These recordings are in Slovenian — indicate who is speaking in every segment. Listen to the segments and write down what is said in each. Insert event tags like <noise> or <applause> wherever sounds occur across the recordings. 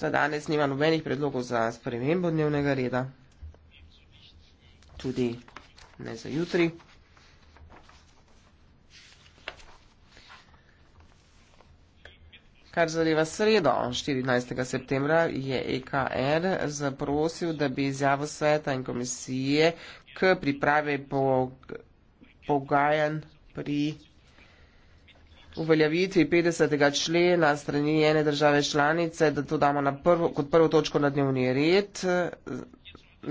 Speaker 1: za danes nima nobenih predlogov za spremembo dnevnega reda, tudi ne za jutri. Kar zadeva sredo 14. septembra, je EKR zaprosil, da bi izjavo sveta in komisije k pripravi pogajanj pri uveljavitvi 50. člena strani ene države članice, da to damo prvo, kot prvo točko na dnevni red.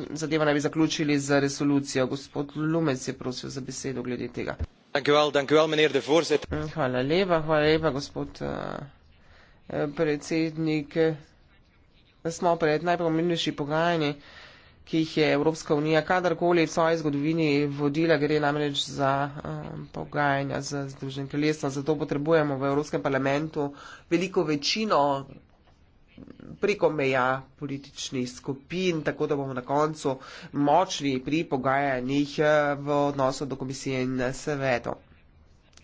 Speaker 1: Zadeva naj bi zaključili z resolucijo. Gospod Lumec je prosil za besedo glede tega. Hvala lepa, hvala lepa, gospod eh, predsednik. Smo pred najpomembnejši pogajanji ki jih je Evropska unija kadarkoli v svoji zgodovini vodila, gre namreč za um, pogajanja z Združenim kraljestvom. Zato potrebujemo v Evropskem parlamentu veliko večino preko meja političnih skupin, tako da bomo na koncu močni pri pogajanjih uh, v odnosu do komisije in uh, svetov.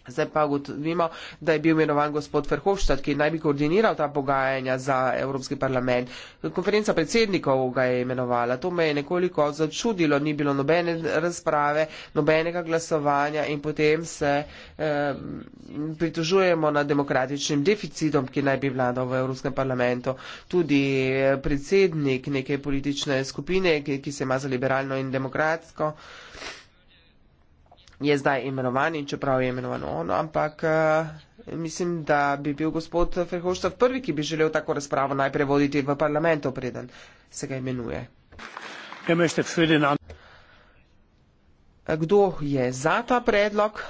Speaker 1: Zdaj pa ugotovimo, da je bil imenovan gospod Verhofstadt, ki naj bi koordiniral ta pogajanja za Evropski parlament. Konferenca predsednikov ga je imenovala. To me je nekoliko začudilo, ni bilo nobene razprave, nobenega glasovanja in potem se eh, pritožujemo nad demokratičnim deficitom, ki naj bi vladal v Evropskem parlamentu. Tudi eh, predsednik neke politične skupine, ki, ki se ima za liberalno in demokratsko. Eh, je zdaj imenovan in čeprav je imenovan on, ampak eh, mislim, da bi bil gospod Ferhoštov prvi, ki bi želel tako razpravo najprej voditi v parlamentu, preden se ga imenuje. Eh, kdo je za ta predlog?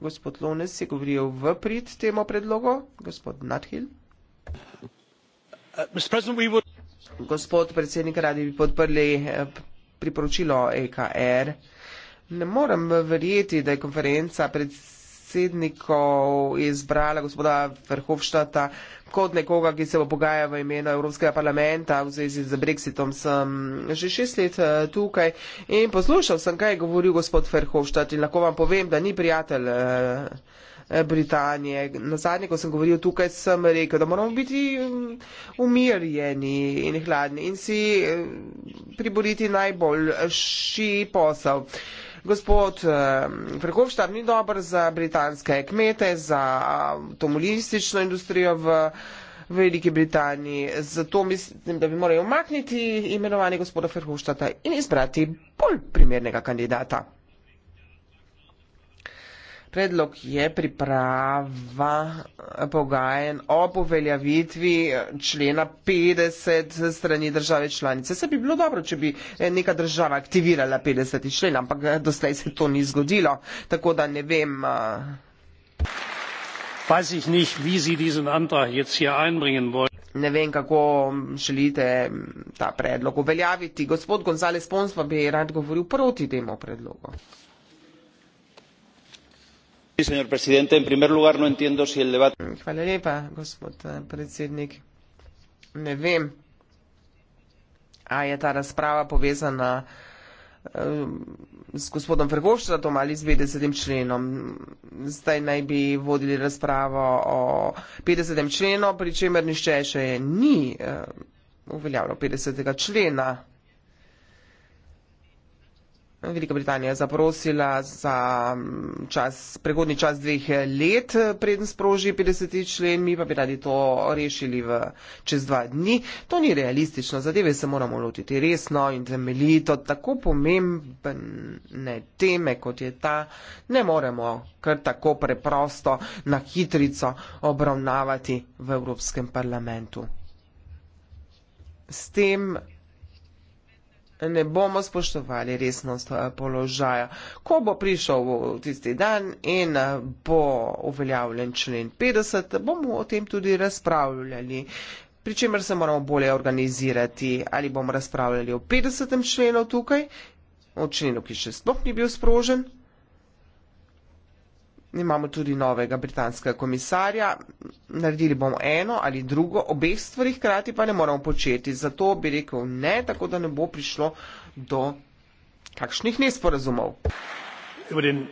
Speaker 1: Gospod Lones je govoril v prid temu predlogu. Gospod Nathil. Eh, gospod predsednik, radi bi podprli priporočilo EKR. Ne morem verjeti, da je konferenca predsednikov izbrala gospoda Verhofštata kot nekoga, ki se bo pogajal v imenu Evropskega parlamenta v zvezi z Brexitom. Sem že šest let eh, tukaj in poslušal sem, kaj je govoril gospod Verhofštat in lahko vam povem, da ni prijatelj. Eh, Eh, Britanije. Na zadnje, ko sem govoril tukaj, sem rekel, da moramo biti mm, umirjeni in hladni in si eh, priboriti najboljši posel. Gospod Prekopštar eh, ni dober za britanske kmete, za tomolistično industrijo v Veliki Britaniji. Zato mislim, da bi morali omakniti imenovanje gospoda Ferhoštata in izbrati bolj primernega kandidata. Predlog je priprava pogajen o poveljavitvi člena 50 strani države članice. Se bi bilo dobro, če bi neka država aktivirala 50 člen, ampak eh, doslej se to ni zgodilo. Tako da ne vem. Eh. Ne vem, kako želite mm, ta predlog uveljaviti. Gospod Gonzales Pons pa bi rad govoril proti temu predlogu señor presidente en primer lugar no entiendo si el debate. Hvala lepa, gospod eh, predsednik. Ne vem, a je ta razprava povezana s eh, gospodom Fergoščatom ali z 50. členom. Zdaj naj bi vodili razpravo o 50. členu, pri čemer nišče še ni eh, uveljavljal 50. člena. Velika Britanija zaprosila za mm, čas, pregodni čas dveh eh, let, eh, preden sproži 50. člen, mi pa bi radi to rešili v čez dva dni. To ni realistično, zadeve se moramo lotiti resno in temeljito. Tako pomembne teme, kot je ta, ne moremo kar tako preprosto na hitrico obravnavati v Evropskem parlamentu. S tem ne bomo spoštovali resnost eh, položaja. Ko bo prišel tisti dan in eh, bo uveljavljen člen 50, bomo o tem tudi razpravljali. Pričemer se moramo bolje organizirati, ali bomo razpravljali o 50. členu tukaj, o členu, ki še sploh ni bil sprožen, imamo tudi novega britanskega komisarja, naredili bomo eno ali drugo, obeh stvari hkrati pa ne moramo početi. Zato bi rekel ne, tako da ne bo prišlo do kakšnih nesporazumov. Erm-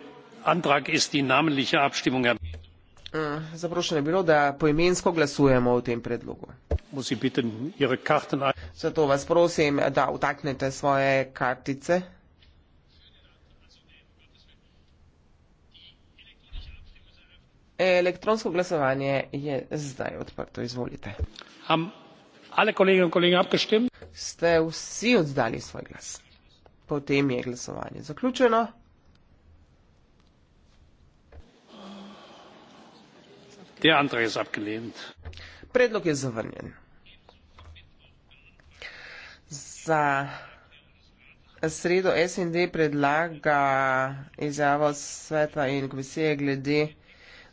Speaker 1: eh, zaprošeno je bilo, da poimensko glasujemo o tem predlogu. Zato vas prosim, da utaknete svoje kartice. elektronsko glasovanje je zdaj odprto izvolite um, alle kolleginnen und kollegen abgestimmt ste vsi oddali svoj glas potem je glasovanje zaključeno der antrag ist abgelehnt predlog je zavrnjen za sredo SND predlaga izjavo sveta in komisije glede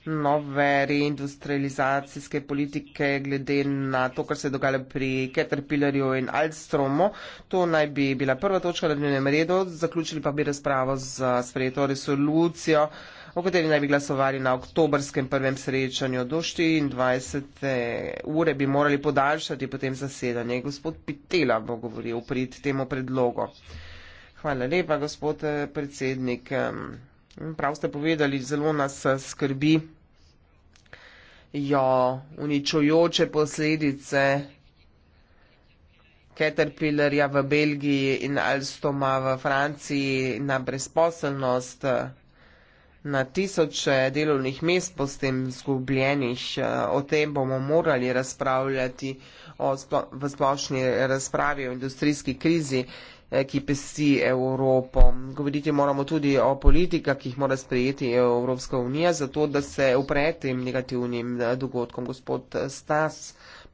Speaker 1: nove reindustrializacijske politike glede na to, kar se je dogajalo pri Caterpillarju in Alstromu. To naj bi bila prva točka na dnevnem redu, zaključili pa bi razpravo z sprejeto resolucijo, o kateri naj bi glasovali na oktobrskem prvem srečanju. Do 24. ure bi morali podaljšati potem zasedanje. Gospod Pitela bo govoril prid temu predlogu. Hvala lepa, gospod eh, predsednik prav ste povedali, zelo nas eh, skrbi jo uničujoče posledice Caterpillarja v Belgiji in Alstoma v Franciji na brezposelnost, eh, na tisoče delovnih mest po tem zgubljenih. Eh, o tem bomo morali razpravljati splo v splošni razpravi o industrijski krizi. Eh, ki pesti Evropo. Govoriti moramo tudi o politikah, ki jih mora sprejeti Evropska unija, zato da se upre tem negativnim eh, dogodkom. Gospod eh, Stas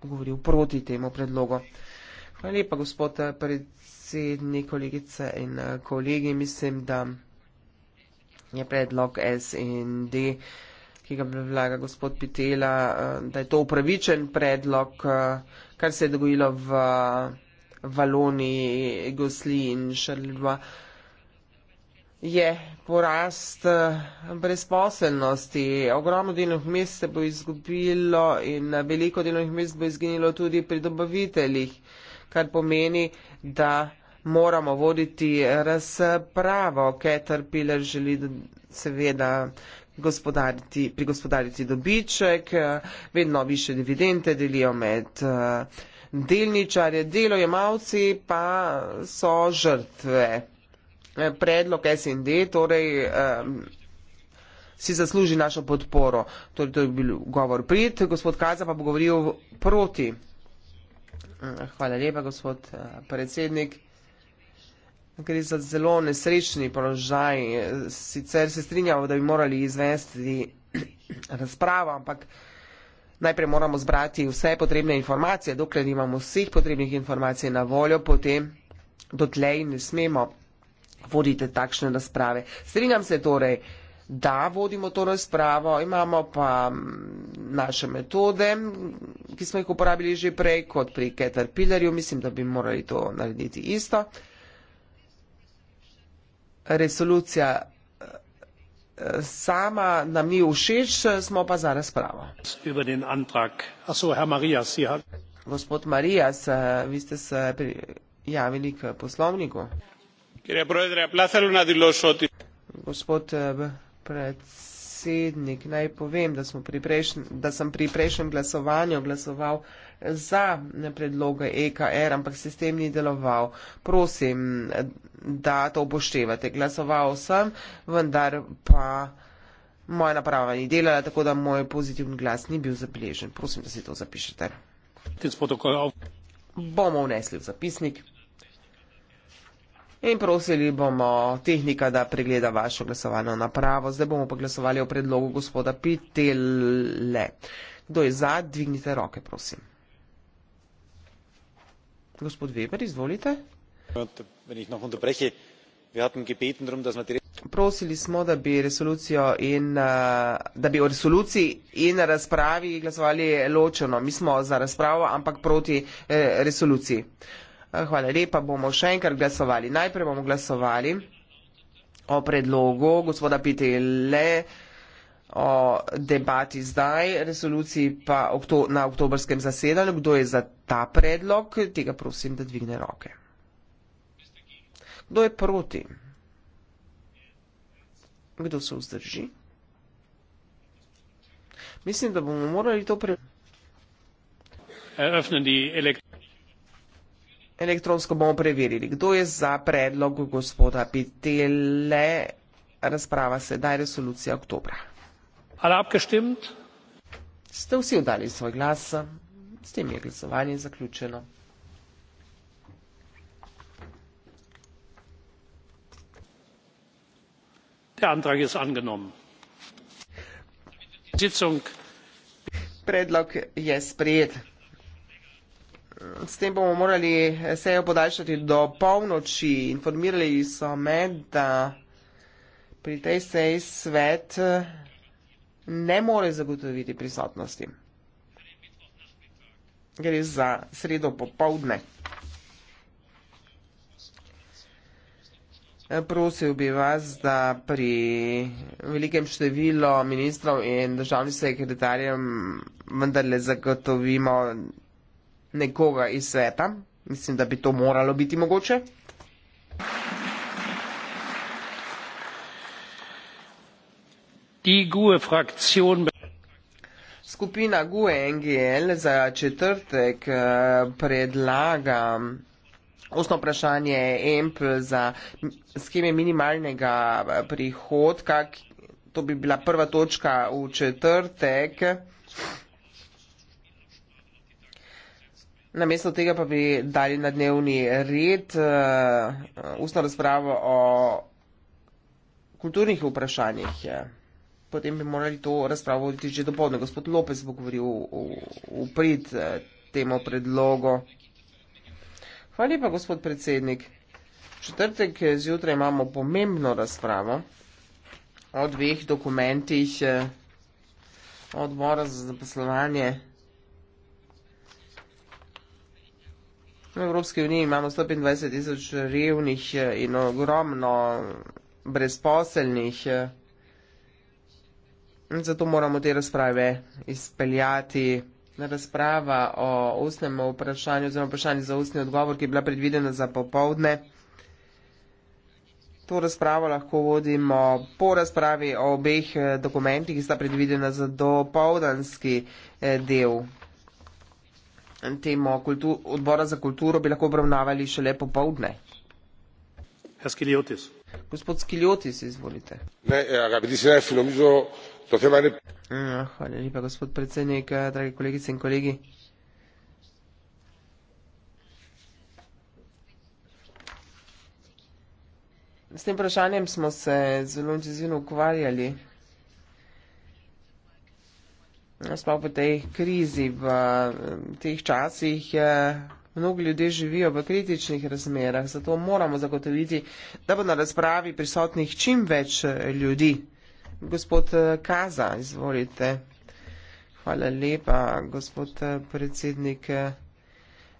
Speaker 1: bo govoril proti temu predlogu. Hvala lepa, gospod predsednik, kolegice in kolegi. Mislim, da je predlog SND, ki ga predlaga gospod Pitela, da je to upravičen predlog, kar se je dogojilo v. Valoni, Gosli in Šalva. Je porast eh, brezposelnosti. Ogromno delovnih mest se bo izgubilo in eh, veliko delovnih mest bo izginilo tudi pri dobaviteljih, kar pomeni, da moramo voditi razpravo. Caterpillar želi seveda gospodariti, pri gospodariti dobiček, eh, vedno više dividende delijo med. Uh, delničarje, delojemalci pa so žrtve. Predlog SND torej, um, si zasluži našo podporo. Torej, to je bil govor prid, gospod Kaza pa bo govoril proti. Hvala lepa, gospod eh, predsednik. Gre za zelo nesrečni položaj. Eh, sicer se strinjamo, da bi morali izvesti <clears throat> razpravo, ampak. Najprej moramo zbrati vse potrebne informacije, dokler imamo vseh potrebnih informacij na voljo, potem dotlej ne smemo voditi takšne razprave. Strinjam se torej, da vodimo to razpravo, imamo pa mm, naše metode, ki smo jih uporabili že prej, kot pri Caterpillarju, mislim, da bi morali to narediti isto. Resolucija sama nam ni všeč smo pa za razpravo. gospod marias eh, vi ste se prijavili k poslovniku. gospod eh, predsednik naj povem da, smo pri prejšnj, da sem pri prejšnjem glasovanju glasoval za predloge EKR, ampak sistem ni deloval. Prosim, da to upoštevate. Glasoval sem, vendar pa moja naprava ni delala, tako da moj pozitiven glas ni bil zabeležen. Prosim, da si to zapišete. Bomo vnesli v zapisnik. In prosili bomo tehnika, da pregleda vašo glasovalno napravo. Zdaj bomo pa glasovali o predlogu gospoda Pitele. Kdo je za, dvignite roke, prosim gospod Weber, izvolite. Prosili smo, da bi, in, eh, da bi o resoluciji in razpravi glasovali ločeno. Mi smo za razpravo, ampak proti eh, resoluciji. Eh, hvala lepa, bomo še enkrat glasovali. Najprej bomo glasovali o predlogu gospoda Pitele o debati zdaj, resoluciji pa okto, na oktobrskem zasedanju. Kdo je za ta predlog? Tega prosim, da dvigne roke. Kdo je proti? Kdo se vzdrži? Mislim, da bomo morali to preveriti. Elektronsko bomo preverili. Kdo je za predlog gospoda Pitele? Razprava sedaj, resolucija oktobra alle abgestimmt? Ste vsi oddali svoj glas? S tem je glasovanje zaključeno. Der Antrag ist angenommen. Predlog je sprejet. S tem bomo morali sejo podaljšati do polnoči. Informirali so me, da pri tej seji svet ne more zagotoviti prisotnosti. Gre za sredo popovdne. Prosil bi vas, da pri velikem številu ministrov in državnih sekretarjev vendarle zagotovimo nekoga iz sveta. Mislim, da bi to moralo biti mogoče. Skupina GUE NGL za četrtek eh, predlaga ustno vprašanje EMP za skeme minimalnega eh, prihodka. To bi bila prva točka v četrtek. Namesto tega pa bi dali na dnevni red eh, ustno razpravo o kulturnih vprašanjih potem bi morali to razpravo voditi že do podne. Gospod Lopez bo govoril v prid eh, temu predlogu. Hvala lepa, gospod predsednik. Četrtek eh, zjutraj imamo pomembno razpravo o dveh dokumentih eh, odbora za zaposlovanje. V Evropski uniji imamo 125 tisoč revnih in ogromno brezposelnih. In zato moramo te razprave izpeljati. Razprava o ustnem vprašanju oziroma vprašanju za ustni odgovor, ki je bila predvidena za popovdne. To razpravo lahko vodimo po razpravi o obeh eh, dokumentih, ki sta predvidena za dopovdanski eh, del. Temo odbora za kulturo bi lahko obravnavali šele popovdne. Haskiliotis. Gospod Skiljoti, se izvolite. Ne, eh, ja, bi si rekel, mi smo to tema ne. Hvala lepa, gospod predsednik, eh, dragi kolegice in kolegi. S tem vprašanjem smo se zelo intenzivno ukvarjali. Sploh v tej krizi, v eh, teh časih, Mnogi ljudje živijo v kritičnih razmerah, zato moramo zagotoviti, da bo na razpravi prisotnih čim več eh, ljudi. Gospod eh, Kaza, izvolite. Hvala lepa, gospod eh, predsednik.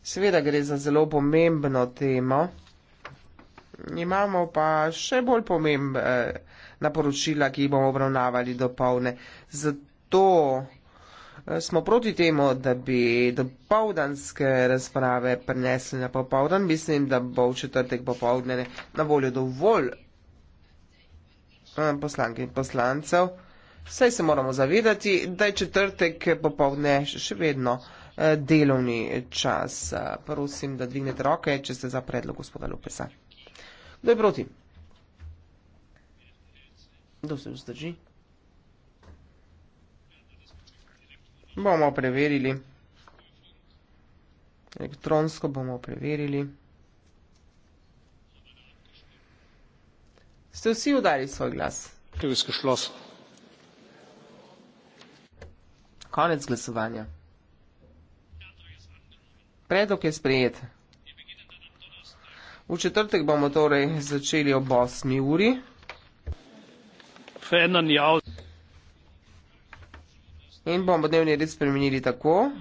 Speaker 1: Seveda gre za zelo pomembno temo. Imamo pa še bolj pomembna poročila, ki jih bomo obravnavali do polne. Zato smo proti temu, da bi dopoldanske razprave prenesli na popoldan. Mislim, da bo v četrtek popoldne na voljo dovolj eh, poslank in poslancev. Vsej se moramo zavedati, da je četrtek popoldne še vedno eh, delovni čas. Prosim, da dvignete roke, če ste za predlog gospoda Lupesa. Kdo je proti? Kdo se vzdrži? Bomo preverili. Elektronsko bomo preverili. Ste vsi udali svoj glas? Kljubiske šlos. Konec glasovanja. Predlog je sprejet. V četrtek bomo torej začeli ob 8. uri. Fenan javl. In bomo dnevni red spremenili tako,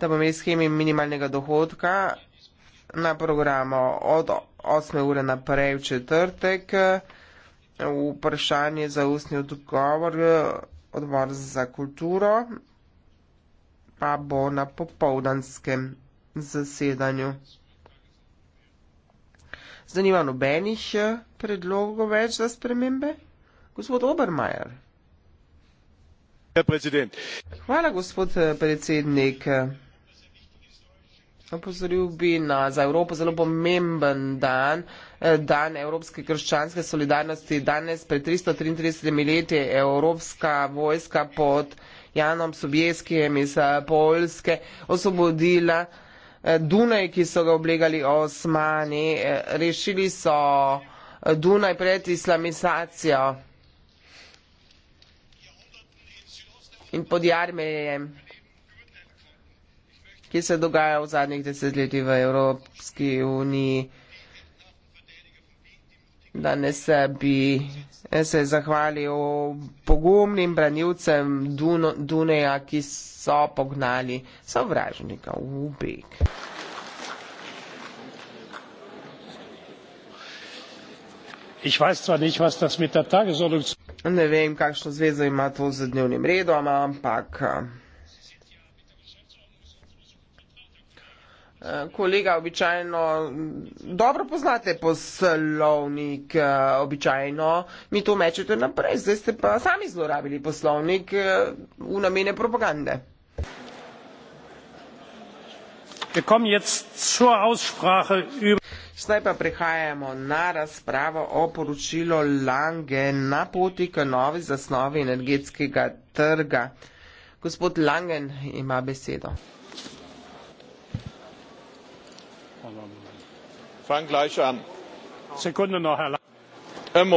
Speaker 1: da bomo imeli schemi minimalnega dohodka na programu od 8. ure naprej v četrtek, vprašanje za ustni odgovor odbor za kulturo pa bo na popovdanskem zasedanju. Zanima nobenih predlogov več za spremembe? Gospod Obermajer. Eh, Opozoril bi na za Evropo zelo pomemben dan, eh, dan Evropske krščanske solidarnosti. Danes pred 333 leti je Evropska vojska pod Janom Sobjeskijem iz eh, Polske osvobodila Dunaj, ki so ga oblegali osmani. Rešili so Dunaj pred islamizacijo. in podjarme je, ki se dogaja v zadnjih desetletjih v Evropski uniji. Danes bi se zahvalil pogumnim branilcem Duno, Duneja, ki so pognali sovražnika v beg. Ich weiß zwar nicht, was das mit der Tagesordnung zu ne vem, kakšno zvezo ima to z dnevnim redom, ampak. Eh, kolega, običajno, dobro poznate poslovnik, eh, običajno mi to mečete naprej, zdaj ste pa sami zlorabili poslovnik eh, v namene propagande. Wir kommen jetzt zur Aussprache über. Zdaj pa prihajamo na razpravo o poročilo Lange na poti k novi zasnovi energetskega trga. Gospod Langen ima besedo. Fang gleich an. Sekunde noch, Herr